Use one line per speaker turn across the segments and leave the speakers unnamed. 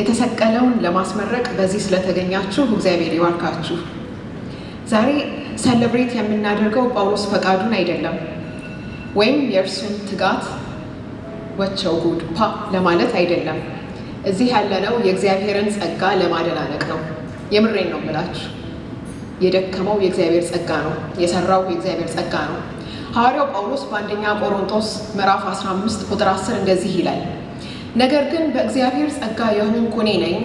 የተሰቀለውን ለማስመረቅ በዚህ ስለተገኛችሁ እግዚአብሔር ይባርካችሁ። ዛሬ ሰለብሬት የምናደርገው ጳውሎስ ፈቃዱን አይደለም ወይም የእርሱን ትጋት ወቸው ጉድ ፓ ለማለት አይደለም። እዚህ ያለነው የእግዚአብሔርን ጸጋ ለማደናነቅ ነው። የምሬን ነው ምላችሁ። የደከመው የእግዚአብሔር ጸጋ ነው። የሰራው የእግዚአብሔር ጸጋ ነው። ሐዋርያው ጳውሎስ በአንደኛ ቆሮንቶስ ምዕራፍ 15 ቁጥር 10 እንደዚህ ይላል ነገር ግን በእግዚአብሔር ጸጋ የሆንኩ እኔ ነኝ።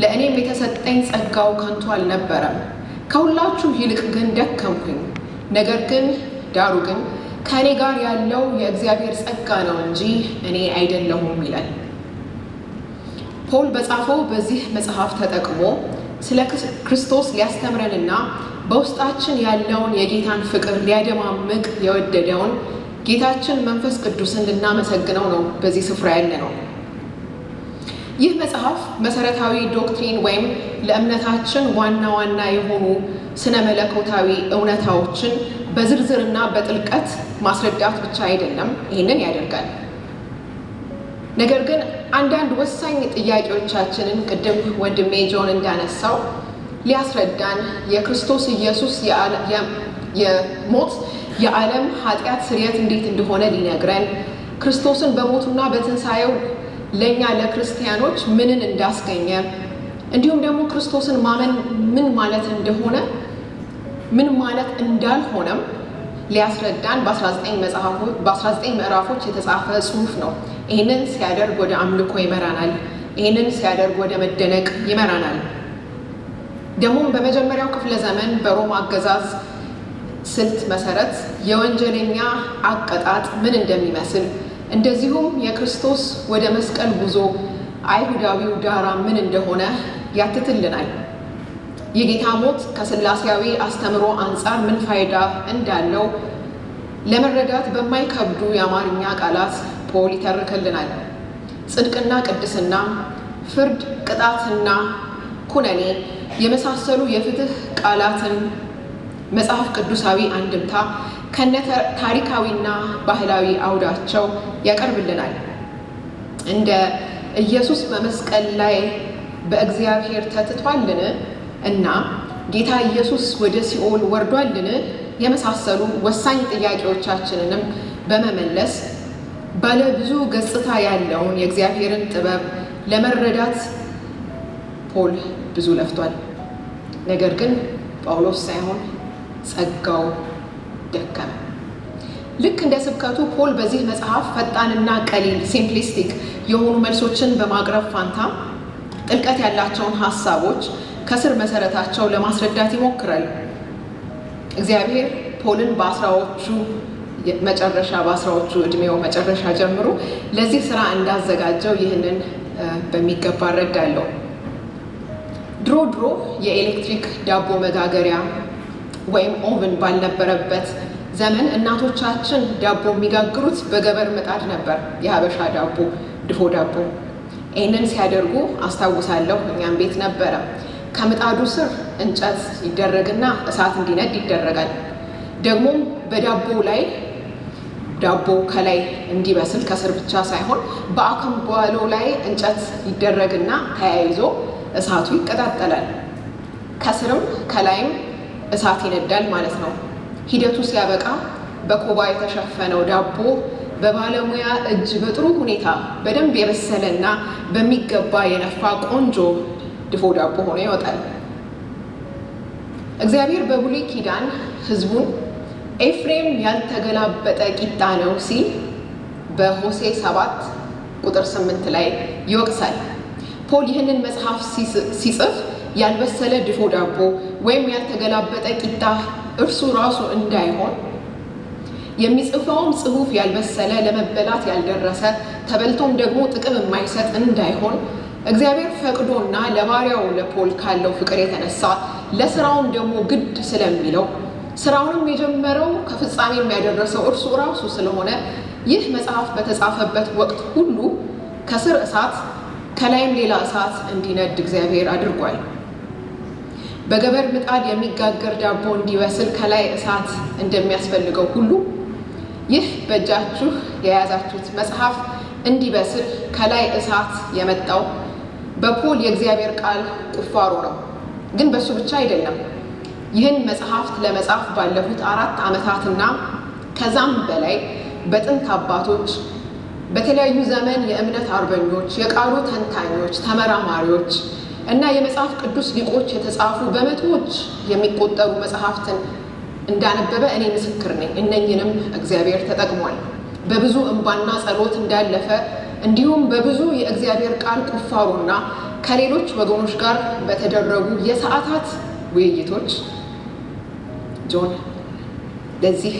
ለእኔም የተሰጠኝ ጸጋው ከንቱ አልነበረም። ከሁላችሁ ይልቅ ግን ደከምኩኝ። ነገር ግን ዳሩ ግን ከእኔ ጋር ያለው የእግዚአብሔር ጸጋ ነው እንጂ እኔ አይደለሁም ይላል ፖል። በጻፈው በዚህ መጽሐፍ ተጠቅሞ ስለ ክርስቶስ ሊያስተምረንና በውስጣችን ያለውን የጌታን ፍቅር ሊያደማምቅ የወደደውን ጌታችን መንፈስ ቅዱስን ልናመሰግነው ነው በዚህ ስፍራ ያለ ነው። ይህ መጽሐፍ መሰረታዊ ዶክትሪን ወይም ለእምነታችን ዋና ዋና የሆኑ ስነ መለኮታዊ እውነታዎችን በዝርዝርና በጥልቀት ማስረዳት ብቻ አይደለም፣ ይህንን ያደርጋል። ነገር ግን አንዳንድ ወሳኝ ጥያቄዎቻችንን ቅድም ወንድሜ ጆን እንዳነሳው ሊያስረዳን የክርስቶስ ኢየሱስ የሞት የዓለም ኃጢአት ስርየት እንዴት እንደሆነ ሊነግረን ክርስቶስን በሞቱና በትንሣኤው ለእኛ ለክርስቲያኖች ምንን እንዳስገኘ እንዲሁም ደግሞ ክርስቶስን ማመን ምን ማለት እንደሆነ ምን ማለት እንዳልሆነም ሊያስረዳን በ19 ምዕራፎች የተጻፈ ጽሁፍ ነው። ይህንን ሲያደርግ ወደ አምልኮ ይመራናል። ይህንን ሲያደርግ ወደ መደነቅ ይመራናል። ደግሞም በመጀመሪያው ክፍለ ዘመን በሮማ አገዛዝ ስልት መሰረት የወንጀለኛ አቀጣጥ ምን እንደሚመስል እንደዚሁም የክርስቶስ ወደ መስቀል ጉዞ አይሁዳዊው ዳራ ምን እንደሆነ ያትትልናል። የጌታ ሞት ከስላሴያዊ አስተምሮ አንጻር ምን ፋይዳ እንዳለው ለመረዳት በማይከብዱ የአማርኛ ቃላት ፖል ይተርክልናል። ጽድቅና ቅድስና፣ ፍርድ፣ ቅጣትና ኩነኔ የመሳሰሉ የፍትህ ቃላትን መጽሐፍ ቅዱሳዊ አንድምታ ከነ ታሪካዊና ባህላዊ አውዳቸው ያቀርብልናል። እንደ ኢየሱስ በመስቀል ላይ በእግዚአብሔር ተትቷልን እና ጌታ ኢየሱስ ወደ ሲኦል ወርዷልን የመሳሰሉ ወሳኝ ጥያቄዎቻችንንም በመመለስ ባለ ብዙ ገጽታ ያለውን የእግዚአብሔርን ጥበብ ለመረዳት ፖል ብዙ ለፍቷል። ነገር ግን ጳውሎስ ሳይሆን ጸጋው ደከመ። ልክ እንደ ስብከቱ ፖል በዚህ መጽሐፍ ፈጣንና ቀሊል ሲምፕሊስቲክ የሆኑ መልሶችን በማቅረብ ፋንታ ጥልቀት ያላቸውን ሀሳቦች ከስር መሰረታቸው ለማስረዳት ይሞክራል። እግዚአብሔር ፖልን በአስራዎቹ መጨረሻ በአስራዎቹ እድሜው መጨረሻ ጀምሮ ለዚህ ስራ እንዳዘጋጀው ይህንን በሚገባ እረዳለሁ። ድሮ ድሮ የኤሌክትሪክ ዳቦ መጋገሪያ ወይም ኦቭን ባልነበረበት ዘመን እናቶቻችን ዳቦ የሚጋግሩት በገበር ምጣድ ነበር፣ የሀበሻ ዳቦ፣ ድፎ ዳቦ። ይህንን ሲያደርጉ አስታውሳለሁ። እኛም ቤት ነበረ። ከምጣዱ ስር እንጨት ይደረግና እሳት እንዲነድ ይደረጋል። ደግሞም በዳቦ ላይ ዳቦ ከላይ እንዲበስል ከስር ብቻ ሳይሆን በአክምባሎ ላይ እንጨት ይደረግና ተያይዞ እሳቱ ይቀጣጠላል። ከስርም ከላይም እሳት ይነዳል ማለት ነው። ሂደቱ ሲያበቃ በኮባ የተሸፈነው ዳቦ በባለሙያ እጅ በጥሩ ሁኔታ በደንብ የበሰለና በሚገባ የነፋ ቆንጆ ድፎ ዳቦ ሆኖ ይወጣል። እግዚአብሔር በብሉይ ኪዳን ሕዝቡን ኤፍሬም ያልተገላበጠ ቂጣ ነው ሲል በሆሴ ሰባት ቁጥር ስምንት ላይ ይወቅሳል። ፖል ይህንን መጽሐፍ ሲጽፍ ያልበሰለ ድፎ ዳቦ ወይም ያልተገላበጠ ቂጣ እርሱ ራሱ እንዳይሆን የሚጽፈውም ጽሑፍ ያልበሰለ ለመበላት ያልደረሰ ተበልቶም ደግሞ ጥቅም የማይሰጥ እንዳይሆን እግዚአብሔር ፈቅዶና ለባሪያው ለፖል ካለው ፍቅር የተነሳ ለስራውን ደግሞ ግድ ስለሚለው ስራውንም የጀመረው ከፍጻሜ የሚያደረሰው እርሱ ራሱ ስለሆነ ይህ መጽሐፍ በተጻፈበት ወቅት ሁሉ ከስር እሳት ከላይም ሌላ እሳት እንዲነድ እግዚአብሔር አድርጓል። በገበር ምጣድ የሚጋገር ዳቦ እንዲበስል ከላይ እሳት እንደሚያስፈልገው ሁሉ ይህ በእጃችሁ የያዛችሁት መጽሐፍ እንዲበስል ከላይ እሳት የመጣው በፖል የእግዚአብሔር ቃል ቁፋሮ ነው። ግን በእሱ ብቻ አይደለም። ይህን መጽሐፍት ለመጻፍ ባለፉት አራት ዓመታትና ከዛም በላይ በጥንት አባቶች በተለያዩ ዘመን የእምነት አርበኞች፣ የቃሉ ተንታኞች፣ ተመራማሪዎች እና የመጽሐፍ ቅዱስ ሊቆች የተጻፉ በመቶዎች የሚቆጠሩ መጽሐፍትን እንዳነበበ እኔ ምስክር ነኝ። እነኝንም እግዚአብሔር ተጠቅሟል። በብዙ እንባና ጸሎት እንዳለፈ እንዲሁም በብዙ የእግዚአብሔር ቃል ቁፋሩና ከሌሎች ወገኖች ጋር በተደረጉ የሰዓታት ውይይቶች ጆን ለዚህ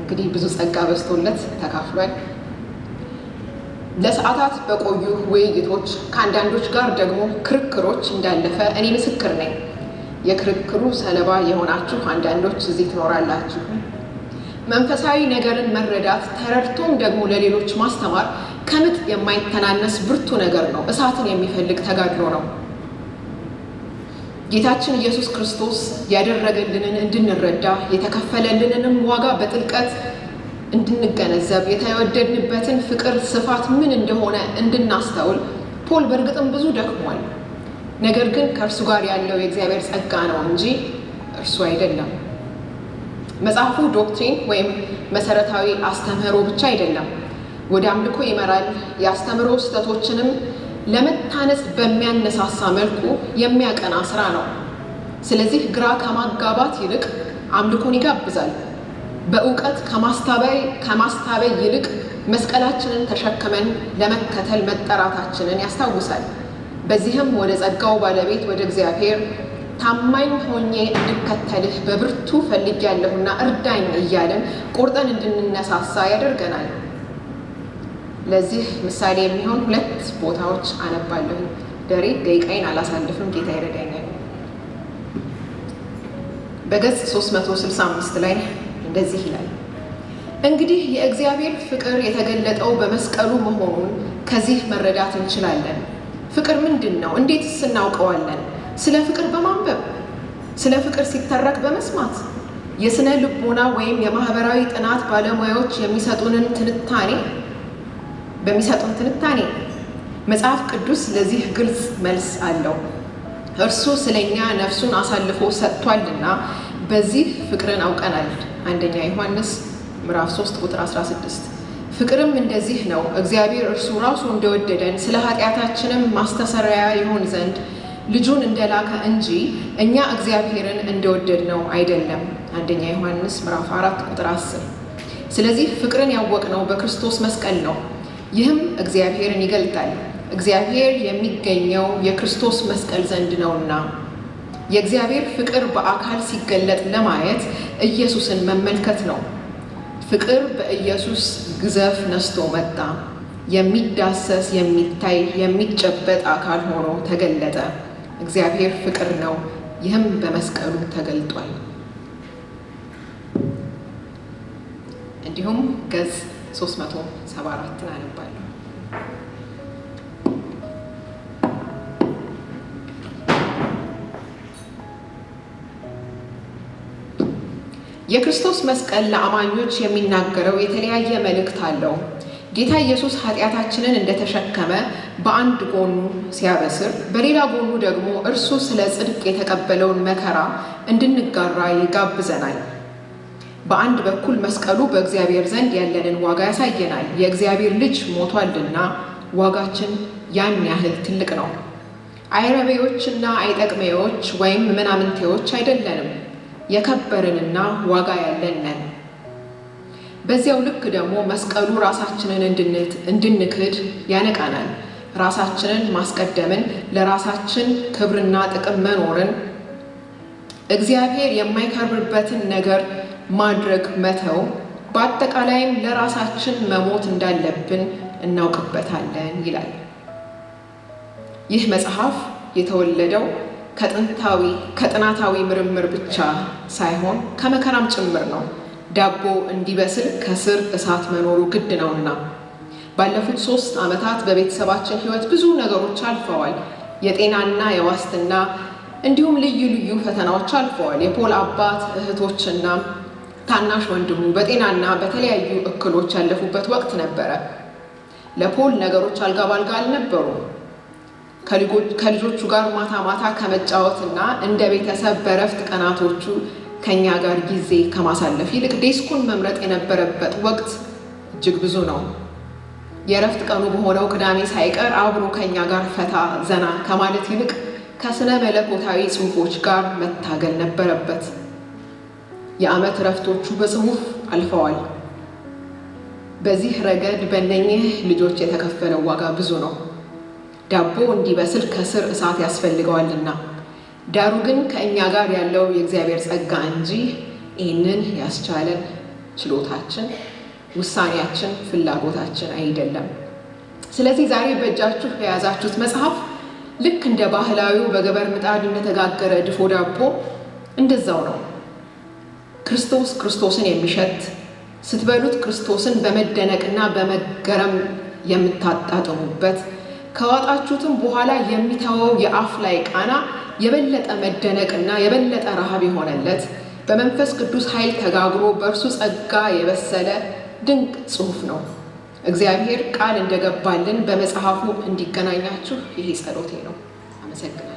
እንግዲህ ብዙ ጸጋ በዝቶለት ተካፍሏል። ለሰዓታት በቆዩ ውይይቶች ከአንዳንዶች ጋር ደግሞ ክርክሮች እንዳለፈ እኔ ምስክር ነኝ። የክርክሩ ሰለባ የሆናችሁ አንዳንዶች እዚህ ትኖራላችሁ። መንፈሳዊ ነገርን መረዳት ተረድቶም ደግሞ ለሌሎች ማስተማር ከምጥ የማይተናነስ ብርቱ ነገር ነው። እሳትን የሚፈልግ ተጋድሎ ነው። ጌታችን ኢየሱስ ክርስቶስ ያደረገልንን እንድንረዳ የተከፈለልንንም ዋጋ በጥልቀት እንድንገነዘብ የተወደድንበትን ፍቅር ስፋት ምን እንደሆነ እንድናስተውል ፖል በእርግጥም ብዙ ደክሟል። ነገር ግን ከእርሱ ጋር ያለው የእግዚአብሔር ጸጋ ነው እንጂ እርሱ አይደለም። መጽሐፉ ዶክትሪን ወይም መሰረታዊ አስተምህሮ ብቻ አይደለም፣ ወደ አምልኮ ይመራል። የአስተምህሮ ስህተቶችንም ለመታነጽ በሚያነሳሳ መልኩ የሚያቀና ስራ ነው። ስለዚህ ግራ ከማጋባት ይልቅ አምልኮን ይጋብዛል። በእውቀት ከማስታበይ ይልቅ መስቀላችንን ተሸክመን ለመከተል መጠራታችንን ያስታውሳል። በዚህም ወደ ጸጋው ባለቤት ወደ እግዚአብሔር ታማኝ ሆኜ እንድከተልህ በብርቱ ፈልጌያለሁና እርዳኝ እያለን ቁርጠን እንድንነሳሳ ያደርገናል። ለዚህ ምሳሌ የሚሆን ሁለት ቦታዎች አነባለሁ። ደሬ ደቂቃዬን አላሳልፍም፣ ጌታ ይረዳኛል። በገጽ 365 ላይ እንደዚህ ይላል፣ እንግዲህ የእግዚአብሔር ፍቅር የተገለጠው በመስቀሉ መሆኑን ከዚህ መረዳት እንችላለን። ፍቅር ምንድን ነው? እንዴትስ እናውቀዋለን? ስለ ፍቅር በማንበብ ስለ ፍቅር ሲተረክ በመስማት የስነ ልቦና ወይም የማህበራዊ ጥናት ባለሙያዎች የሚሰጡንን ትንታኔ በሚሰጡን ትንታኔ መጽሐፍ ቅዱስ ለዚህ ግልጽ መልስ አለው። እርሱ ስለኛ ነፍሱን አሳልፎ ሰጥቷልና በዚህ ፍቅርን አውቀናል። አንደኛ ዮሐንስ ምዕራፍ 3 ቁጥር 16 ፍቅርም እንደዚህ ነው እግዚአብሔር እርሱ ራሱ እንደወደደን ስለ ኃጢአታችንም ማስተሰሪያ ይሆን ዘንድ ልጁን እንደላከ እንጂ እኛ እግዚአብሔርን እንደወደድ ነው አይደለም። አንደኛ ዮሐንስ ምዕራፍ 4 ቁጥር 10 ስለዚህ ፍቅርን ያወቅነው በክርስቶስ መስቀል ነው። ይህም እግዚአብሔርን ይገልጣል። እግዚአብሔር የሚገኘው የክርስቶስ መስቀል ዘንድ ነውና የእግዚአብሔር ፍቅር በአካል ሲገለጥ ለማየት ኢየሱስን መመልከት ነው። ፍቅር በኢየሱስ ግዘፍ ነስቶ መጣ። የሚዳሰስ የሚታይ፣ የሚጨበጥ አካል ሆኖ ተገለጠ። እግዚአብሔር ፍቅር ነው። ይህም በመስቀሉ ተገልጧል። እንዲሁም ገጽ 374ን አነባለሁ። የክርስቶስ መስቀል ለአማኞች የሚናገረው የተለያየ መልእክት አለው። ጌታ ኢየሱስ ኃጢአታችንን እንደተሸከመ በአንድ ጎኑ ሲያበስር፣ በሌላ ጎኑ ደግሞ እርሱ ስለ ጽድቅ የተቀበለውን መከራ እንድንጋራ ይጋብዘናል። በአንድ በኩል መስቀሉ በእግዚአብሔር ዘንድ ያለንን ዋጋ ያሳየናል። የእግዚአብሔር ልጅ ሞቷልና ዋጋችን ያን ያህል ትልቅ ነው። አይረቤዎችና አይጠቅሜዎች ወይም ምናምንቴዎች አይደለንም። የከበርንና ዋጋ ያለን ነን። በዚያው ልክ ደግሞ መስቀሉ ራሳችንን እንድንክድ ያነቃናል። ራሳችንን ማስቀደምን፣ ለራሳችን ክብርና ጥቅም መኖርን፣ እግዚአብሔር የማይከብርበትን ነገር ማድረግ መተው፣ በአጠቃላይም ለራሳችን መሞት እንዳለብን እናውቅበታለን ይላል። ይህ መጽሐፍ የተወለደው ከጥንታዊ ከጥናታዊ ምርምር ብቻ ሳይሆን ከመከራም ጭምር ነው። ዳቦ እንዲበስል ከስር እሳት መኖሩ ግድ ነውና። ባለፉት ሶስት ዓመታት በቤተሰባችን ህይወት ብዙ ነገሮች አልፈዋል። የጤናና የዋስትና እንዲሁም ልዩ ልዩ ፈተናዎች አልፈዋል። የፖል አባት እህቶችና ታናሽ ወንድሙ በጤናና በተለያዩ እክሎች ያለፉበት ወቅት ነበረ። ለፖል ነገሮች አልጋ ባልጋ አልነበሩም። ከልጆቹ ጋር ማታ ማታ ከመጫወትና እንደ ቤተሰብ በረፍት ቀናቶቹ ከኛ ጋር ጊዜ ከማሳለፍ ይልቅ ዴስኩን መምረጥ የነበረበት ወቅት እጅግ ብዙ ነው። የእረፍት ቀኑ በሆነው ቅዳሜ ሳይቀር አብሮ ከኛ ጋር ፈታ ዘና ከማለት ይልቅ ከስነ መለኮታዊ ጽሑፎች ጋር መታገል ነበረበት። የዓመት እረፍቶቹ በጽሑፍ አልፈዋል። በዚህ ረገድ በእነኚህ ልጆች የተከፈለው ዋጋ ብዙ ነው። ዳቦ እንዲበስል ከስር እሳት ያስፈልገዋልና ዳሩ ግን ከእኛ ጋር ያለው የእግዚአብሔር ጸጋ እንጂ ይህንን ያስቻለን ችሎታችን፣ ውሳኔያችን፣ ፍላጎታችን አይደለም። ስለዚህ ዛሬ በእጃችሁ የያዛችሁት መጽሐፍ ልክ እንደ ባህላዊው በገበር ምጣድ እንደተጋገረ ድፎ ዳቦ እንደዛው ነው። ክርስቶስ ክርስቶስን የሚሸት ስትበሉት ክርስቶስን በመደነቅና በመገረም የምታጣጥሙበት ከወጣችሁትም በኋላ የሚተወው የአፍ ላይ ቃና የበለጠ መደነቅ እና የበለጠ ረሃብ የሆነለት በመንፈስ ቅዱስ ኃይል ተጋግሮ በእርሱ ጸጋ የበሰለ ድንቅ ጽሑፍ ነው። እግዚአብሔር ቃል እንደገባልን በመጽሐፉ እንዲገናኛችሁ ይሄ ጸሎቴ ነው። አመሰግናለሁ።